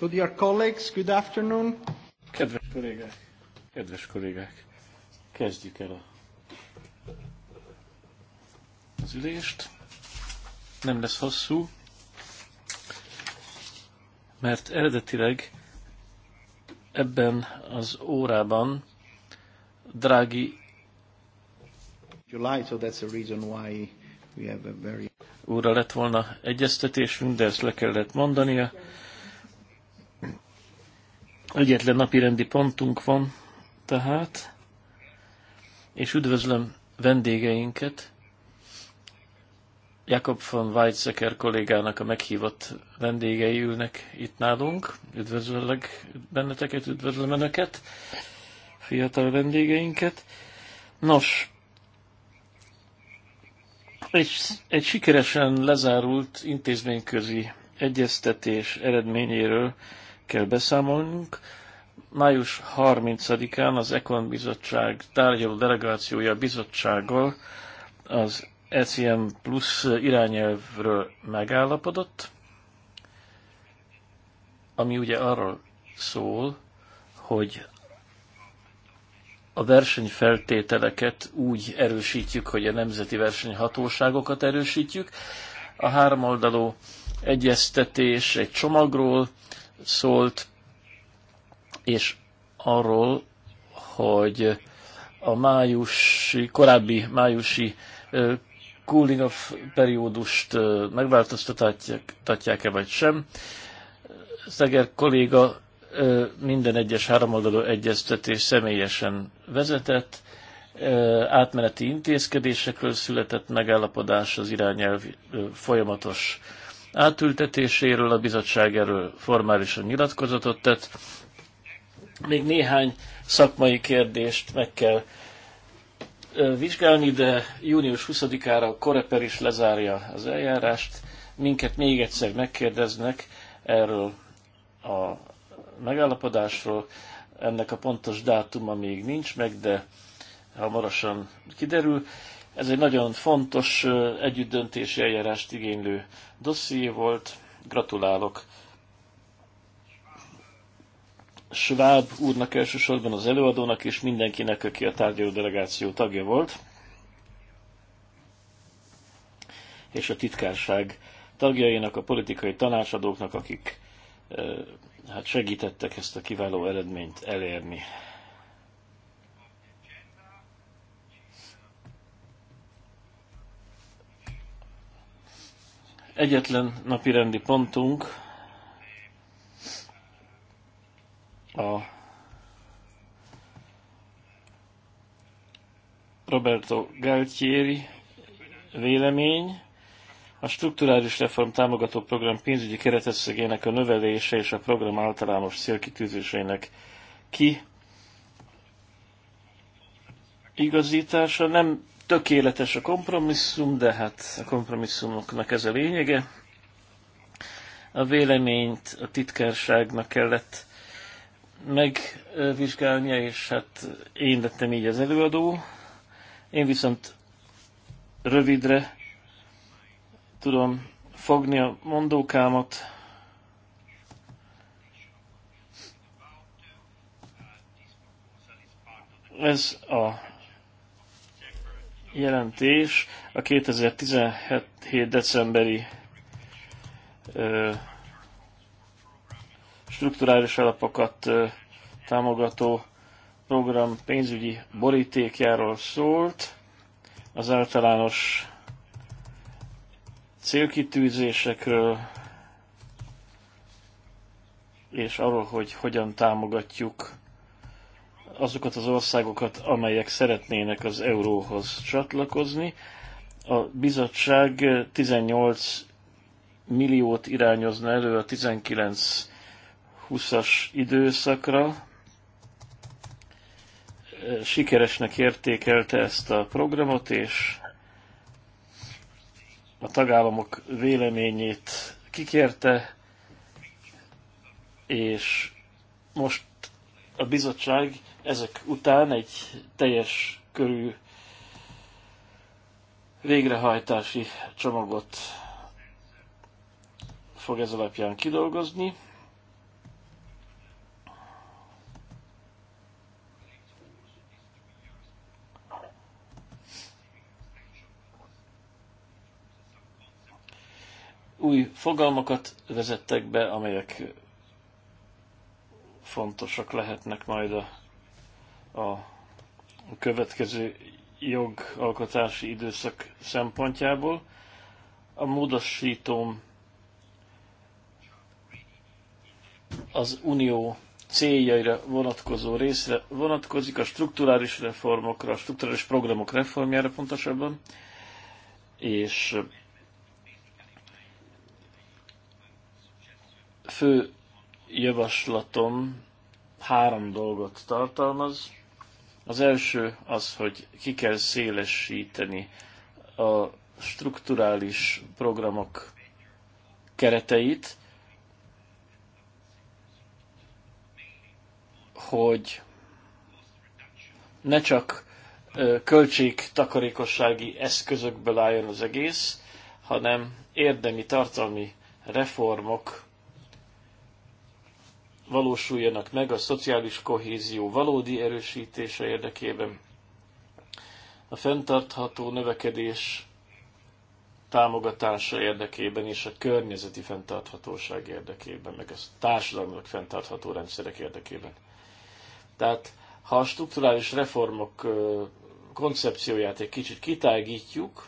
So dear colleagues, good afternoon. Kedves kollégák, kedves kollégák, kezdjük el a, az ülést. Nem lesz hosszú, mert eredetileg ebben az órában Drági July, so that's the reason why we have a very... úrra lett volna egyeztetésünk, de ezt le kellett mondania. Yeah Egyetlen napirendi pontunk van tehát, és üdvözlöm vendégeinket, Jakob von Weizsäcker kollégának a meghívott vendégei ülnek itt nálunk. Üdvözöllek benneteket, üdvözlöm Önöket, fiatal vendégeinket. Nos, egy, egy sikeresen lezárult intézményközi egyeztetés eredményéről hírekkel beszámolnunk. Május 30-án az Econ Bizottság tárgyaló delegációja bizottsággal az ECM Plus irányelvről megállapodott, ami ugye arról szól, hogy a versenyfeltételeket úgy erősítjük, hogy a nemzeti versenyhatóságokat erősítjük. A háromoldalú egyeztetés egy csomagról, szólt, és arról, hogy a májusi, korábbi májusi cooling off periódust megváltoztatják-e vagy sem. Szeger kolléga minden egyes háromoldalú egyeztetés személyesen vezetett, átmeneti intézkedésekről született megállapodás, az irányelv folyamatos átültetéséről a bizottság erről formálisan nyilatkozatot tett. Még néhány szakmai kérdést meg kell vizsgálni, de június 20-ára a Koreper is lezárja az eljárást. Minket még egyszer megkérdeznek erről a megállapodásról. Ennek a pontos dátuma még nincs meg, de hamarosan kiderül. Ez egy nagyon fontos együttdöntési eljárást igénylő dosszié volt. Gratulálok Schwab úrnak elsősorban az előadónak és mindenkinek, aki a tárgyaló delegáció tagja volt, és a titkárság tagjainak, a politikai tanácsadóknak, akik hát segítettek ezt a kiváló eredményt elérni. egyetlen napi rendi pontunk a Roberto Galtieri vélemény, a strukturális reform támogató program pénzügyi keretösszegének a növelése és a program általános célkitűzéseinek ki igazítása nem tökéletes a kompromisszum, de hát a kompromisszumoknak ez a lényege. A véleményt a titkárságnak kellett megvizsgálnia, és hát én lettem így az előadó. Én viszont rövidre tudom fogni a mondókámat, ez a jelentés a 2017. decemberi ö, strukturális alapokat ö, támogató program pénzügyi borítékjáról szólt, az általános célkitűzésekről, és arról, hogy hogyan támogatjuk azokat az országokat, amelyek szeretnének az euróhoz csatlakozni. A bizottság 18 milliót irányozna elő a 19-20-as időszakra. Sikeresnek értékelte ezt a programot, és a tagállamok véleményét kikérte, és most a bizottság ezek után egy teljes körű végrehajtási csomagot fog ez alapján kidolgozni. Új fogalmakat vezettek be, amelyek fontosak lehetnek majd a a következő jogalkotási időszak szempontjából. A módosítóm az unió céljaira vonatkozó részre vonatkozik, a strukturális reformokra, a strukturális programok reformjára pontosabban, és fő javaslatom három dolgot tartalmaz. Az első az, hogy ki kell szélesíteni a strukturális programok kereteit, hogy ne csak költségtakarékossági eszközökből álljon az egész, hanem érdemi tartalmi reformok valósuljanak meg a szociális kohézió valódi erősítése érdekében. A fenntartható növekedés támogatása érdekében és a környezeti fenntarthatóság érdekében, meg a társadalmilag fenntartható rendszerek érdekében. Tehát ha a strukturális reformok koncepcióját egy kicsit kitágítjuk,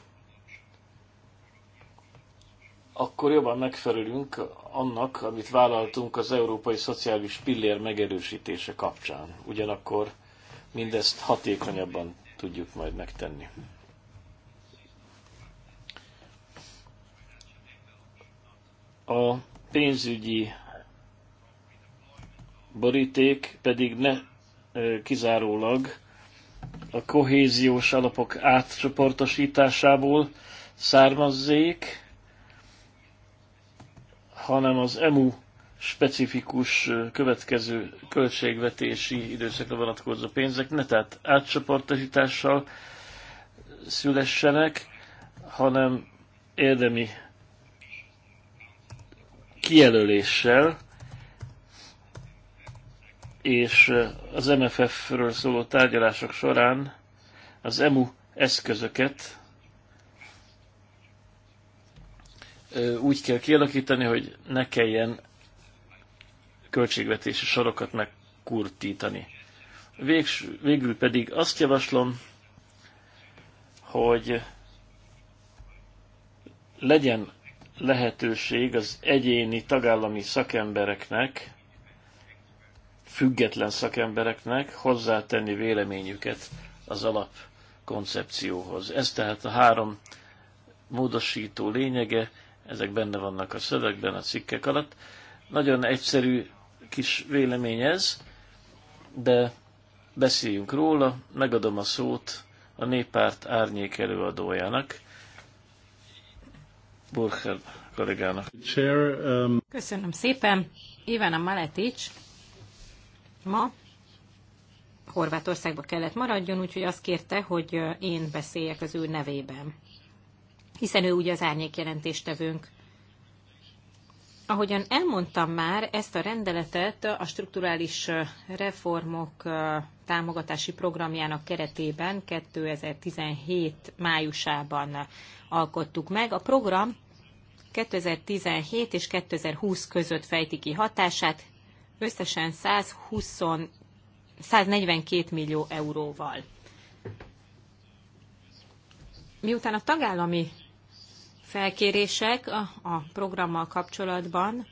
akkor jobban megfelelünk annak, amit vállaltunk az európai szociális pillér megerősítése kapcsán. Ugyanakkor mindezt hatékonyabban tudjuk majd megtenni. A pénzügyi boríték pedig ne kizárólag a kohéziós alapok átcsoportosításából származzék, hanem az EMU specifikus következő költségvetési időszakra vonatkozó pénzek ne tehát átcsoportosítással szülessenek, hanem érdemi kijelöléssel, és az MFF-ről szóló tárgyalások során az EMU eszközöket úgy kell kialakítani, hogy ne kelljen költségvetési sorokat megkurtítani. Végs, végül pedig azt javaslom, hogy legyen lehetőség az egyéni tagállami szakembereknek, független szakembereknek hozzátenni véleményüket az alapkoncepcióhoz. Ez tehát a három módosító lényege, ezek benne vannak a szövegben, a cikkek alatt. Nagyon egyszerű kis vélemény ez, de beszéljünk róla, megadom a szót a néppárt árnyék előadójának, Burkhel kollégának. Um, Köszönöm szépen. Ivana Maletic, ma Horvátországba kellett maradjon, úgyhogy azt kérte, hogy én beszéljek az ő nevében hiszen ő ugye az árnyék jelentéstevőnk. Ahogyan elmondtam már, ezt a rendeletet a strukturális reformok támogatási programjának keretében 2017 májusában alkottuk meg. A program 2017 és 2020 között fejti ki hatását, összesen 120, 142 millió euróval. Miután a tagállami felkérések a programmal kapcsolatban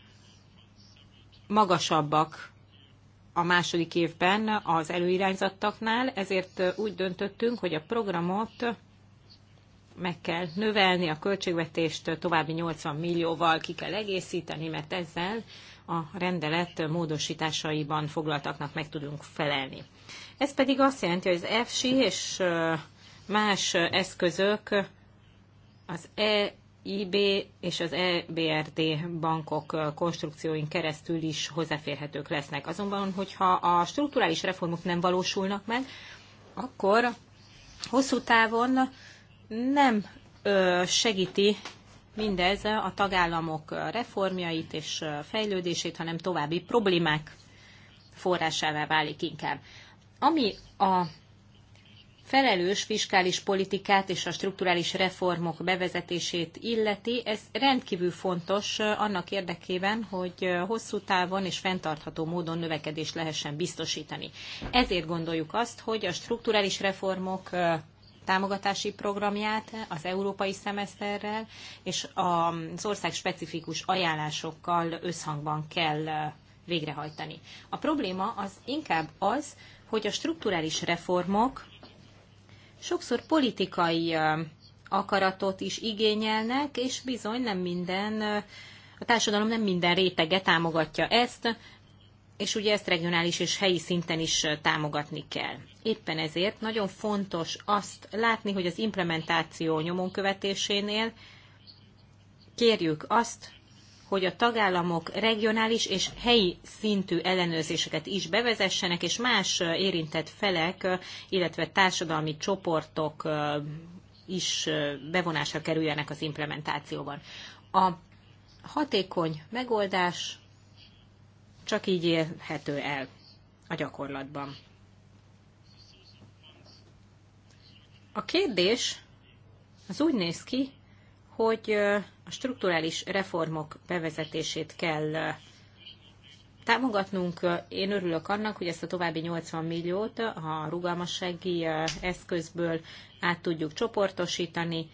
magasabbak a második évben az előirányzattaknál, ezért úgy döntöttünk, hogy a programot meg kell növelni, a költségvetést további 80 millióval ki kell egészíteni, mert ezzel a rendelet módosításaiban foglaltaknak meg tudunk felelni. Ez pedig azt jelenti, hogy az EFSI és más eszközök az e IB és az EBRD bankok konstrukcióin keresztül is hozzáférhetők lesznek. Azonban, hogyha a strukturális reformok nem valósulnak meg, akkor hosszú távon nem segíti mindez a tagállamok reformjait és fejlődését, hanem további problémák forrásává válik inkább. Ami a felelős fiskális politikát és a strukturális reformok bevezetését illeti, ez rendkívül fontos annak érdekében, hogy hosszú távon és fenntartható módon növekedést lehessen biztosítani. Ezért gondoljuk azt, hogy a strukturális reformok támogatási programját az európai szemeszterrel és az ország specifikus ajánlásokkal összhangban kell végrehajtani. A probléma az inkább az, hogy a strukturális reformok sokszor politikai akaratot is igényelnek, és bizony nem minden, a társadalom nem minden rétege támogatja ezt, és ugye ezt regionális és helyi szinten is támogatni kell. Éppen ezért nagyon fontos azt látni, hogy az implementáció nyomon követésénél kérjük azt, hogy a tagállamok regionális és helyi szintű ellenőrzéseket is bevezessenek, és más érintett felek, illetve társadalmi csoportok is bevonásra kerüljenek az implementációban. A hatékony megoldás csak így élhető el a gyakorlatban. A kérdés az úgy néz ki, hogy a strukturális reformok bevezetését kell támogatnunk. Én örülök annak, hogy ezt a további 80 milliót a rugalmassági eszközből át tudjuk csoportosítani.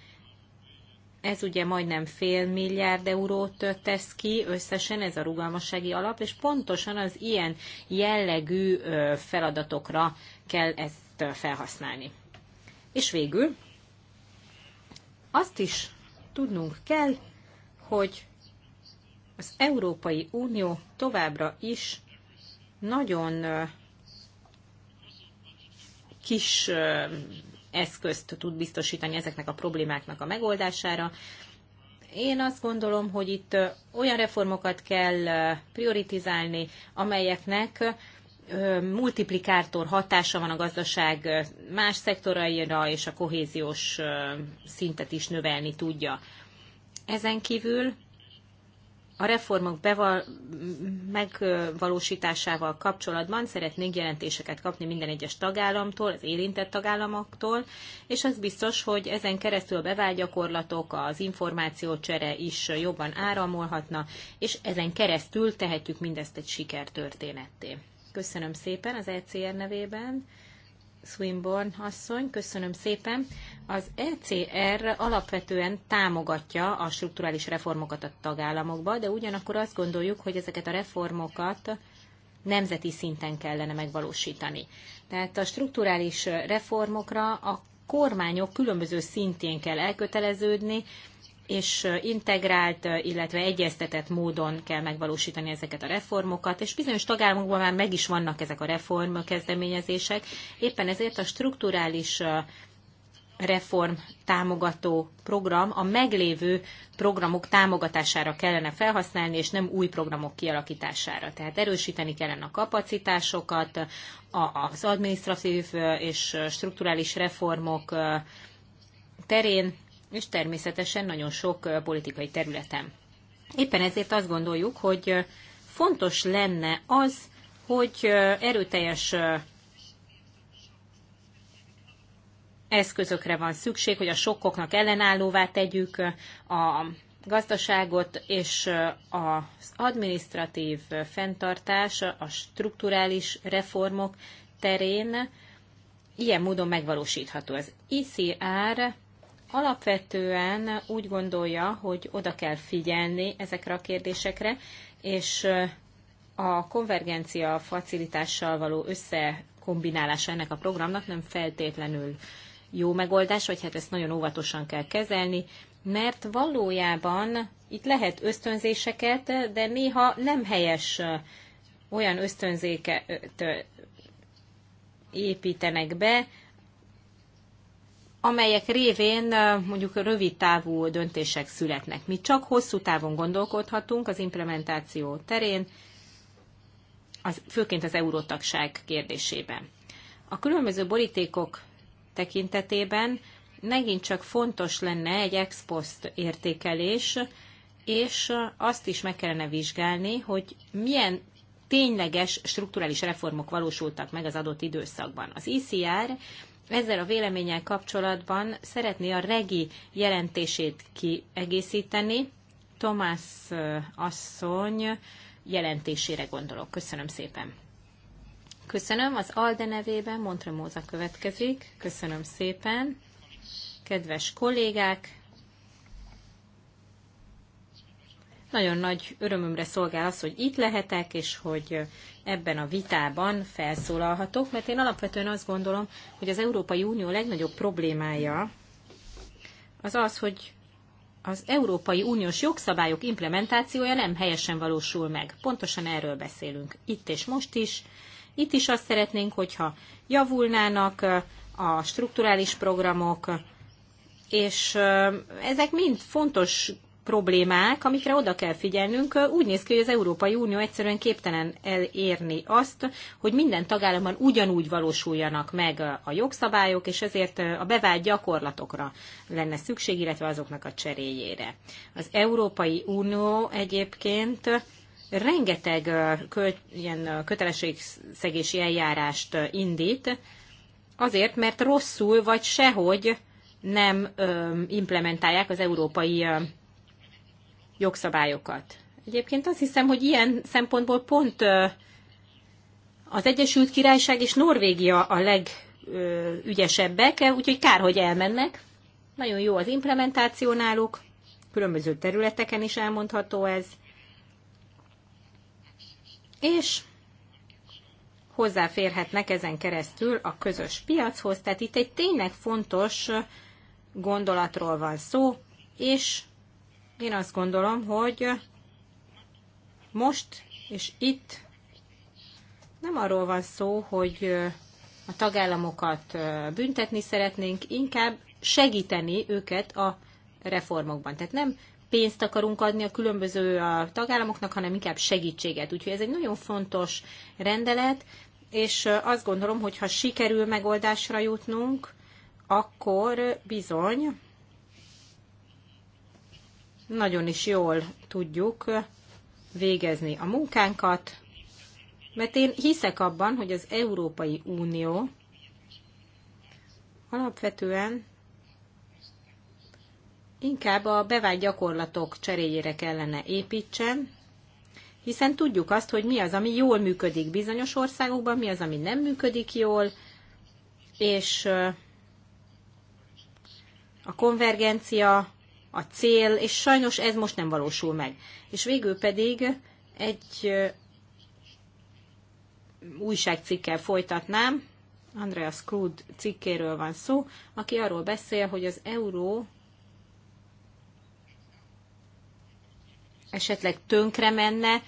Ez ugye majdnem fél milliárd eurót tesz ki összesen, ez a rugalmassági alap, és pontosan az ilyen jellegű feladatokra kell ezt felhasználni. És végül azt is Tudnunk kell, hogy az Európai Unió továbbra is nagyon kis eszközt tud biztosítani ezeknek a problémáknak a megoldására. Én azt gondolom, hogy itt olyan reformokat kell prioritizálni, amelyeknek multiplikátor hatása van a gazdaság más szektoraira, és a kohéziós szintet is növelni tudja. Ezen kívül a reformok beval- megvalósításával kapcsolatban szeretnénk jelentéseket kapni minden egyes tagállamtól, az érintett tagállamoktól, és az biztos, hogy ezen keresztül a bevágyakorlatok, az információcsere is jobban áramolhatna, és ezen keresztül tehetjük mindezt egy sikertörténetté. Köszönöm szépen az ECR nevében. Swinburne asszony, köszönöm szépen. Az ECR alapvetően támogatja a strukturális reformokat a tagállamokba, de ugyanakkor azt gondoljuk, hogy ezeket a reformokat nemzeti szinten kellene megvalósítani. Tehát a strukturális reformokra a kormányok különböző szintjén kell elköteleződni, és integrált, illetve egyeztetett módon kell megvalósítani ezeket a reformokat, és bizonyos tagállamokban már meg is vannak ezek a reform kezdeményezések. Éppen ezért a strukturális reform támogató program a meglévő programok támogatására kellene felhasználni, és nem új programok kialakítására. Tehát erősíteni kellene a kapacitásokat, az adminisztratív és strukturális reformok terén, és természetesen nagyon sok politikai területen. Éppen ezért azt gondoljuk, hogy fontos lenne az, hogy erőteljes eszközökre van szükség, hogy a sokkoknak ellenállóvá tegyük a gazdaságot, és az administratív fenntartás, a strukturális reformok terén ilyen módon megvalósítható. Az ICR alapvetően úgy gondolja, hogy oda kell figyelni ezekre a kérdésekre, és a konvergencia facilitással való összekombinálása ennek a programnak nem feltétlenül jó megoldás, vagy hát ezt nagyon óvatosan kell kezelni, mert valójában itt lehet ösztönzéseket, de néha nem helyes olyan ösztönzéket építenek be, amelyek révén mondjuk rövid távú döntések születnek. Mi csak hosszú távon gondolkodhatunk az implementáció terén, az, főként az eurótagság kérdésében. A különböző borítékok tekintetében megint csak fontos lenne egy ex post értékelés, és azt is meg kellene vizsgálni, hogy milyen tényleges strukturális reformok valósultak meg az adott időszakban. Az ICR e ezzel a véleménnyel kapcsolatban szeretné a regi jelentését kiegészíteni. Tomás asszony jelentésére gondolok. Köszönöm szépen. Köszönöm. Az Alde nevében Montremóza következik. Köszönöm szépen. Kedves kollégák, Nagyon nagy örömömre szolgál az, hogy itt lehetek, és hogy ebben a vitában felszólalhatok, mert én alapvetően azt gondolom, hogy az Európai Unió legnagyobb problémája az az, hogy az Európai Uniós jogszabályok implementációja nem helyesen valósul meg. Pontosan erről beszélünk itt és most is. Itt is azt szeretnénk, hogyha javulnának a strukturális programok, és ezek mind fontos problémák, amikre oda kell figyelnünk. Úgy néz ki, hogy az Európai Unió egyszerűen képtelen elérni azt, hogy minden tagállamban ugyanúgy valósuljanak meg a jogszabályok, és ezért a bevált gyakorlatokra lenne szükség, illetve azoknak a cseréjére. Az Európai Unió egyébként rengeteg kö, ilyen kötelességszegési eljárást indít, azért, mert rosszul vagy sehogy nem implementálják az európai jogszabályokat. Egyébként azt hiszem, hogy ilyen szempontból pont az Egyesült Királyság és Norvégia a legügyesebbek, úgyhogy kár, hogy elmennek. Nagyon jó az implementáció náluk, különböző területeken is elmondható ez. És hozzáférhetnek ezen keresztül a közös piachoz. Tehát itt egy tényleg fontos gondolatról van szó, és én azt gondolom, hogy most és itt nem arról van szó, hogy a tagállamokat büntetni szeretnénk, inkább segíteni őket a reformokban. Tehát nem pénzt akarunk adni a különböző a tagállamoknak, hanem inkább segítséget. Úgyhogy ez egy nagyon fontos rendelet, és azt gondolom, hogy ha sikerül megoldásra jutnunk, akkor bizony nagyon is jól tudjuk végezni a munkánkat, mert én hiszek abban, hogy az Európai Unió alapvetően inkább a bevált gyakorlatok cseréjére kellene építsen, hiszen tudjuk azt, hogy mi az, ami jól működik bizonyos országokban, mi az, ami nem működik jól, és a konvergencia a cél, és sajnos ez most nem valósul meg. És végül pedig egy újságcikkel folytatnám, Andreas Krud cikkéről van szó, aki arról beszél, hogy az euró esetleg tönkre menne,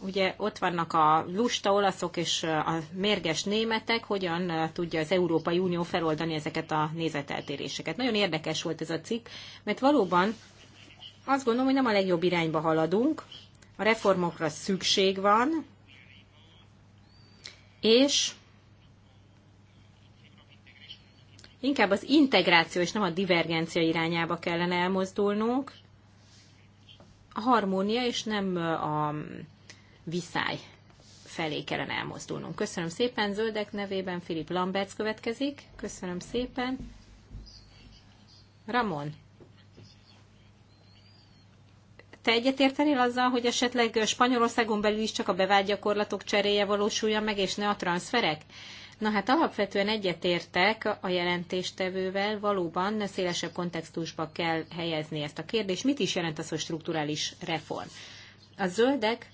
ugye ott vannak a lusta olaszok és a mérges németek, hogyan tudja az Európai Unió feloldani ezeket a nézeteltéréseket. Nagyon érdekes volt ez a cikk, mert valóban azt gondolom, hogy nem a legjobb irányba haladunk, a reformokra szükség van, és inkább az integráció és nem a divergencia irányába kellene elmozdulnunk, a harmónia és nem a viszály felé kellene elmozdulnunk. Köszönöm szépen, zöldek nevében Filip Lamberts következik. Köszönöm szépen. Ramon, te egyetértenél azzal, hogy esetleg Spanyolországon belül is csak a bevált gyakorlatok cseréje valósulja meg, és ne a transferek? Na hát alapvetően egyetértek a jelentéstevővel, valóban szélesebb kontextusba kell helyezni ezt a kérdést. Mit is jelent az, hogy strukturális reform? A zöldek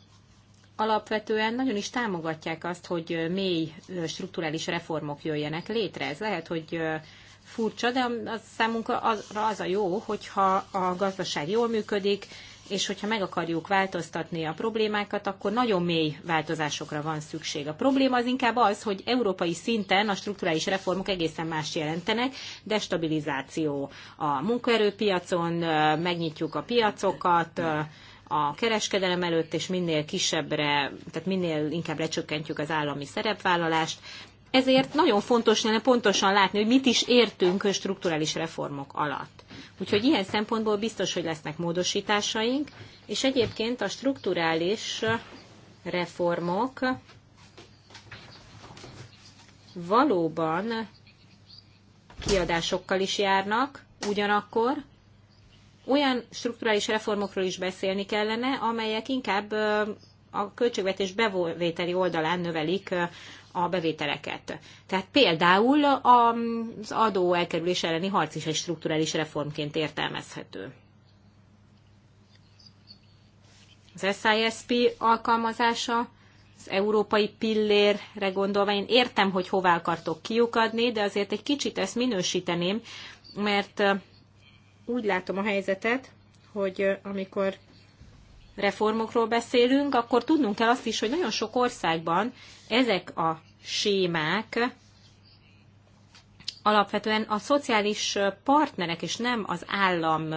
alapvetően nagyon is támogatják azt, hogy mély strukturális reformok jöjjenek létre. Ez lehet, hogy furcsa, de az számunkra az, az a jó, hogyha a gazdaság jól működik, és hogyha meg akarjuk változtatni a problémákat, akkor nagyon mély változásokra van szükség. A probléma az inkább az, hogy európai szinten a strukturális reformok egészen más jelentenek, destabilizáció a munkaerőpiacon, megnyitjuk a piacokat, a kereskedelem előtt, és minél kisebbre, tehát minél inkább lecsökkentjük az állami szerepvállalást. Ezért nagyon fontos lenne pontosan látni, hogy mit is értünk strukturális reformok alatt. Úgyhogy ilyen szempontból biztos, hogy lesznek módosításaink, és egyébként a strukturális reformok valóban kiadásokkal is járnak, ugyanakkor olyan strukturális reformokról is beszélni kellene, amelyek inkább a költségvetés bevételi oldalán növelik a bevételeket. Tehát például az adó elkerülés elleni harc is egy strukturális reformként értelmezhető. Az SISP alkalmazása, az európai pillérre gondolva, én értem, hogy hová akartok kiukadni, de azért egy kicsit ezt minősíteném, mert úgy látom a helyzetet, hogy amikor reformokról beszélünk, akkor tudnunk kell azt is, hogy nagyon sok országban ezek a sémák alapvetően a szociális partnerek és nem az állam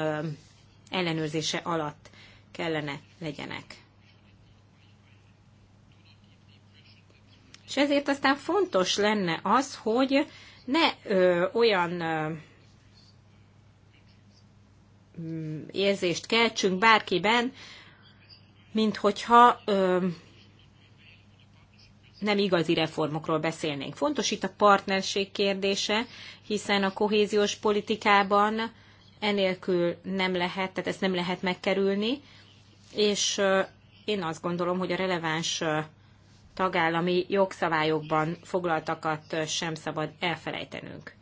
ellenőrzése alatt kellene legyenek. És ezért aztán fontos lenne az, hogy ne ö, olyan ö, Mm, érzést keltsünk bárkiben, mint hogyha ö, nem igazi reformokról beszélnénk. Fontos itt a partnerség kérdése, hiszen a kohéziós politikában enélkül nem lehet, tehát ezt nem lehet megkerülni, és én azt gondolom, hogy a releváns tagállami jogszabályokban foglaltakat sem szabad elfelejtenünk.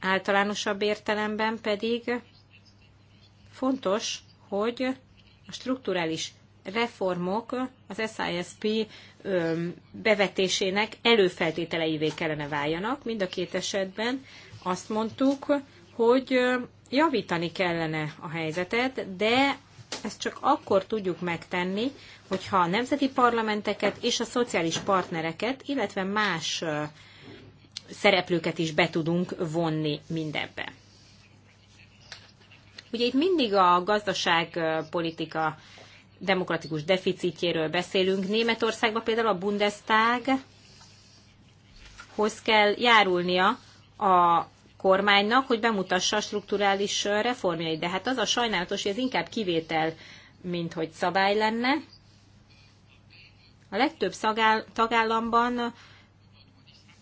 Általánosabb értelemben pedig Fontos, hogy a strukturális reformok az SISP bevetésének előfeltételeivé kellene váljanak. Mind a két esetben azt mondtuk, hogy javítani kellene a helyzetet, de ezt csak akkor tudjuk megtenni, hogyha a nemzeti parlamenteket és a szociális partnereket, illetve más szereplőket is be tudunk vonni mindebbe. Ugye itt mindig a gazdaságpolitika demokratikus deficitjéről beszélünk. Németországban például a Bundestaghoz kell járulnia a kormánynak, hogy bemutassa a strukturális reformjait. De hát az a sajnálatos, hogy ez inkább kivétel, mint hogy szabály lenne. A legtöbb szagál, tagállamban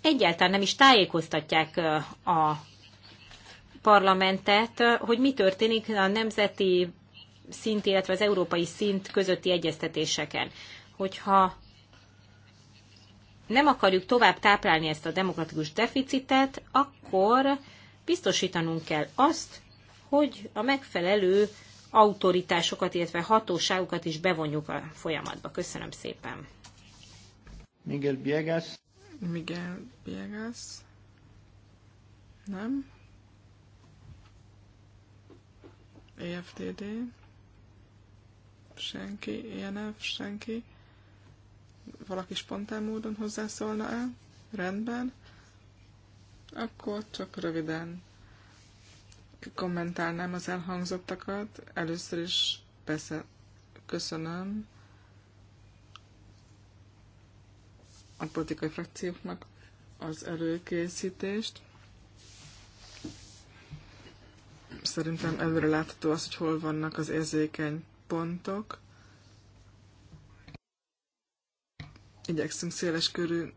egyáltalán nem is tájékoztatják a parlamentet, hogy mi történik a nemzeti szint, illetve az európai szint közötti egyeztetéseken. Hogyha nem akarjuk tovább táplálni ezt a demokratikus deficitet, akkor biztosítanunk kell azt, hogy a megfelelő autoritásokat, illetve hatóságokat is bevonjuk a folyamatba. Köszönöm szépen. Miguel Biegas. Miguel Biegas. Nem? EFTD, senki, ENF, senki, valaki spontán módon hozzászólna el, rendben, akkor csak röviden kommentálnám az elhangzottakat. Először is persze köszönöm a politikai frakcióknak az előkészítést. szerintem előre látható az, hogy hol vannak az érzékeny pontok. Igyekszünk széles körű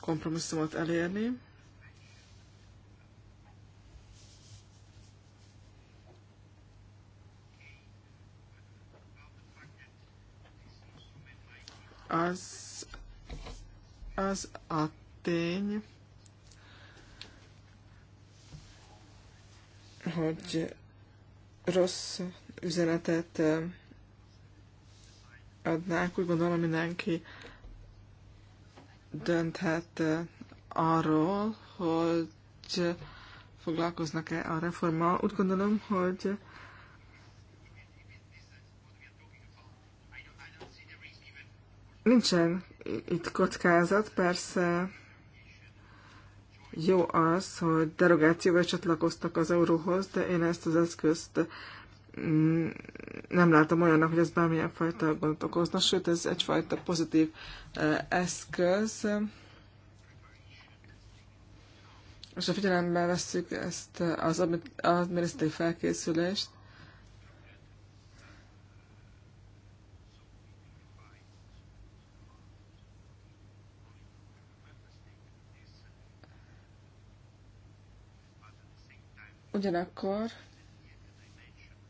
kompromisszumot elérni. Az, az a tény, hogy rossz üzenetet adnánk. Úgy gondolom, mindenki dönthet arról, hogy foglalkoznak-e a reformmal. Úgy gondolom, hogy nincsen itt kockázat, persze jó az, hogy derogációval csatlakoztak az euróhoz, de én ezt az eszközt mm, nem látom olyannak, hogy ez bármilyen fajta gondot okozna, sőt ez egyfajta pozitív e, eszköz. És ha figyelembe vesszük ezt az adminisztrai felkészülést, Ugyanakkor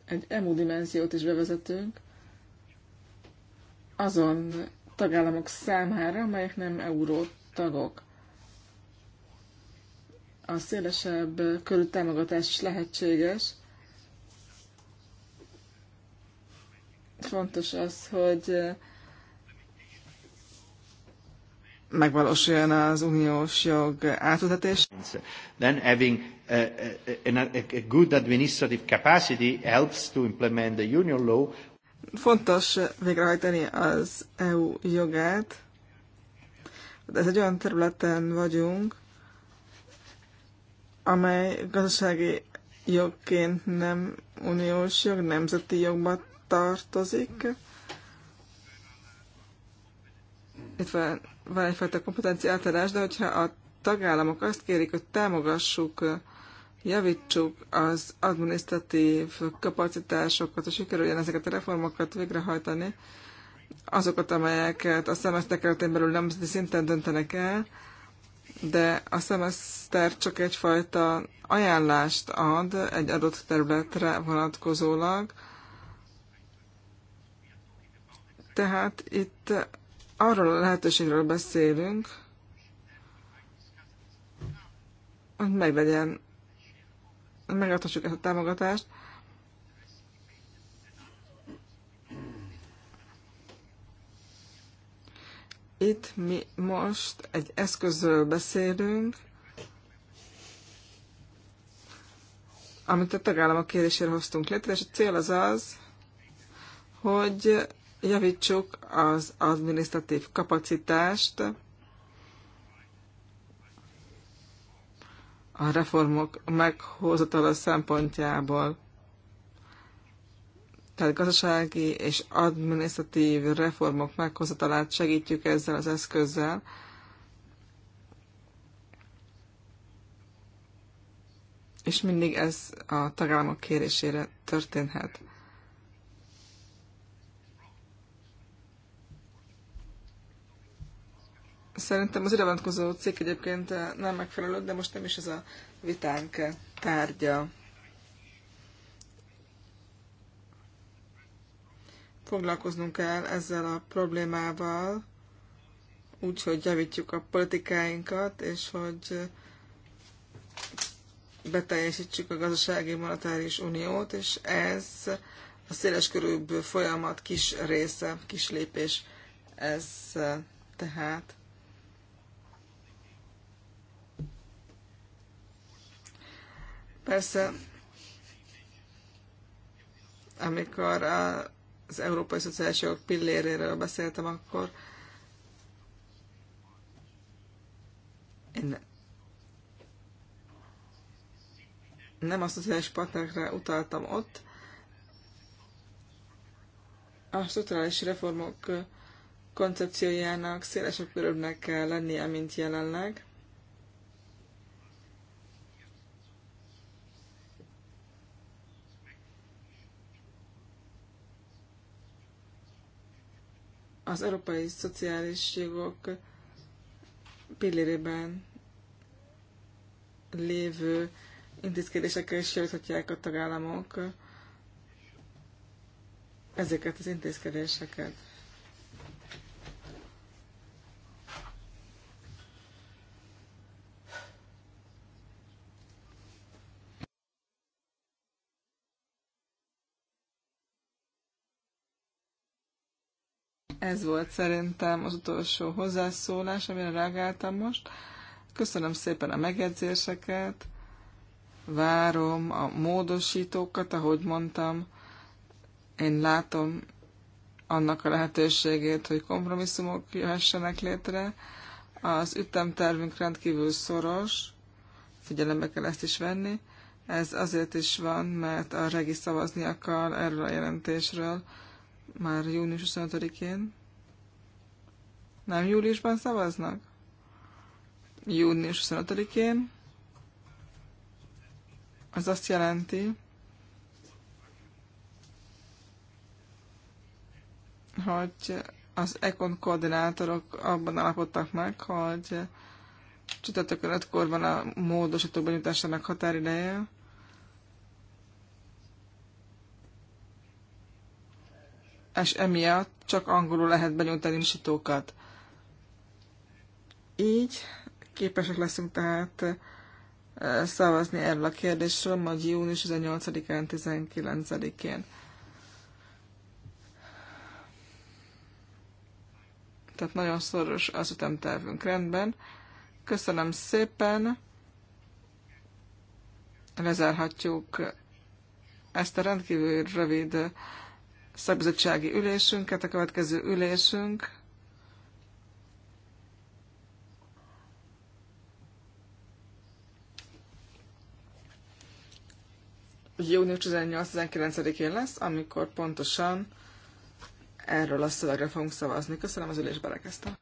egy EMU dimenziót is bevezetünk azon tagállamok számára, amelyek nem euró tagok. A szélesebb körű támogatás is lehetséges. Fontos az, hogy megvalósuljon az uniós jog átutatás. Then having Fontos végrehajtani az EU jogát, de ez egy olyan területen vagyunk, amely gazdasági jogként nem uniós jog, nemzeti jogba tartozik. Itt van, van egyfajta kompetencia de hogyha a tagállamok azt kérik, hogy támogassuk javítsuk az administratív kapacitásokat, és sikerüljen ezeket a reformokat végrehajtani, azokat, amelyeket a szemeszter keretén belül nemzeti szinten döntenek el, de a szemeszter csak egyfajta ajánlást ad egy adott területre vonatkozólag. Tehát itt arról a lehetőségről beszélünk, hogy meglegyen megadhassuk ezt a támogatást. Itt mi most egy eszközről beszélünk, amit a tagállamok kérésére hoztunk létre, és a cél az az, hogy javítsuk az adminisztratív kapacitást, a reformok meghozatala szempontjából. Tehát gazdasági és adminisztratív reformok meghozatalát segítjük ezzel az eszközzel. És mindig ez a tagállamok kérésére történhet. Szerintem az ide vonatkozó cikk egyébként eh, nem megfelelő, de most nem is ez a vitánk tárgya. Foglalkoznunk kell ezzel a problémával, úgy, hogy javítjuk a politikáinkat, és hogy beteljesítsük a gazdasági monetáris uniót, és ez a széles körülbelül folyamat kis része, kis lépés, ez eh, tehát Persze, amikor az Európai Szociális Jogok pilléréről beszéltem, akkor én nem a szociális partnerekre utaltam ott, a szociális reformok koncepciójának szélesebb körülnek kell lennie, mint jelenleg. az európai szociális jogok pillérében lévő intézkedésekkel is javíthatják a tagállamok ezeket az intézkedéseket. Ez volt szerintem az utolsó hozzászólás, amire reagáltam most. Köszönöm szépen a megjegyzéseket, várom a módosítókat, ahogy mondtam. Én látom annak a lehetőségét, hogy kompromisszumok jöhessenek létre. Az ütemtervünk rendkívül szoros, figyelembe kell ezt is venni. Ez azért is van, mert a regi szavazni akar erről a jelentésről már június 25-én. Nem júliusban szavaznak? Június 25-én. Az azt jelenti, hogy az ECON koordinátorok abban állapodtak meg, hogy csütörtökön 5 van a módosítók benyújtásának határideje, és emiatt csak angolul lehet benyújtani nyitókat. Így képesek leszünk tehát szavazni erről a kérdésről majd június 18-án, 19-én. Tehát nagyon szoros az ütemtervünk rendben. Köszönöm szépen! Lezárhatjuk ezt a rendkívül rövid szakbizottsági ülésünket, a következő ülésünk június 18-19-én lesz, amikor pontosan erről a szövegre fogunk szavazni. Köszönöm az ülésbe, belekezdtem.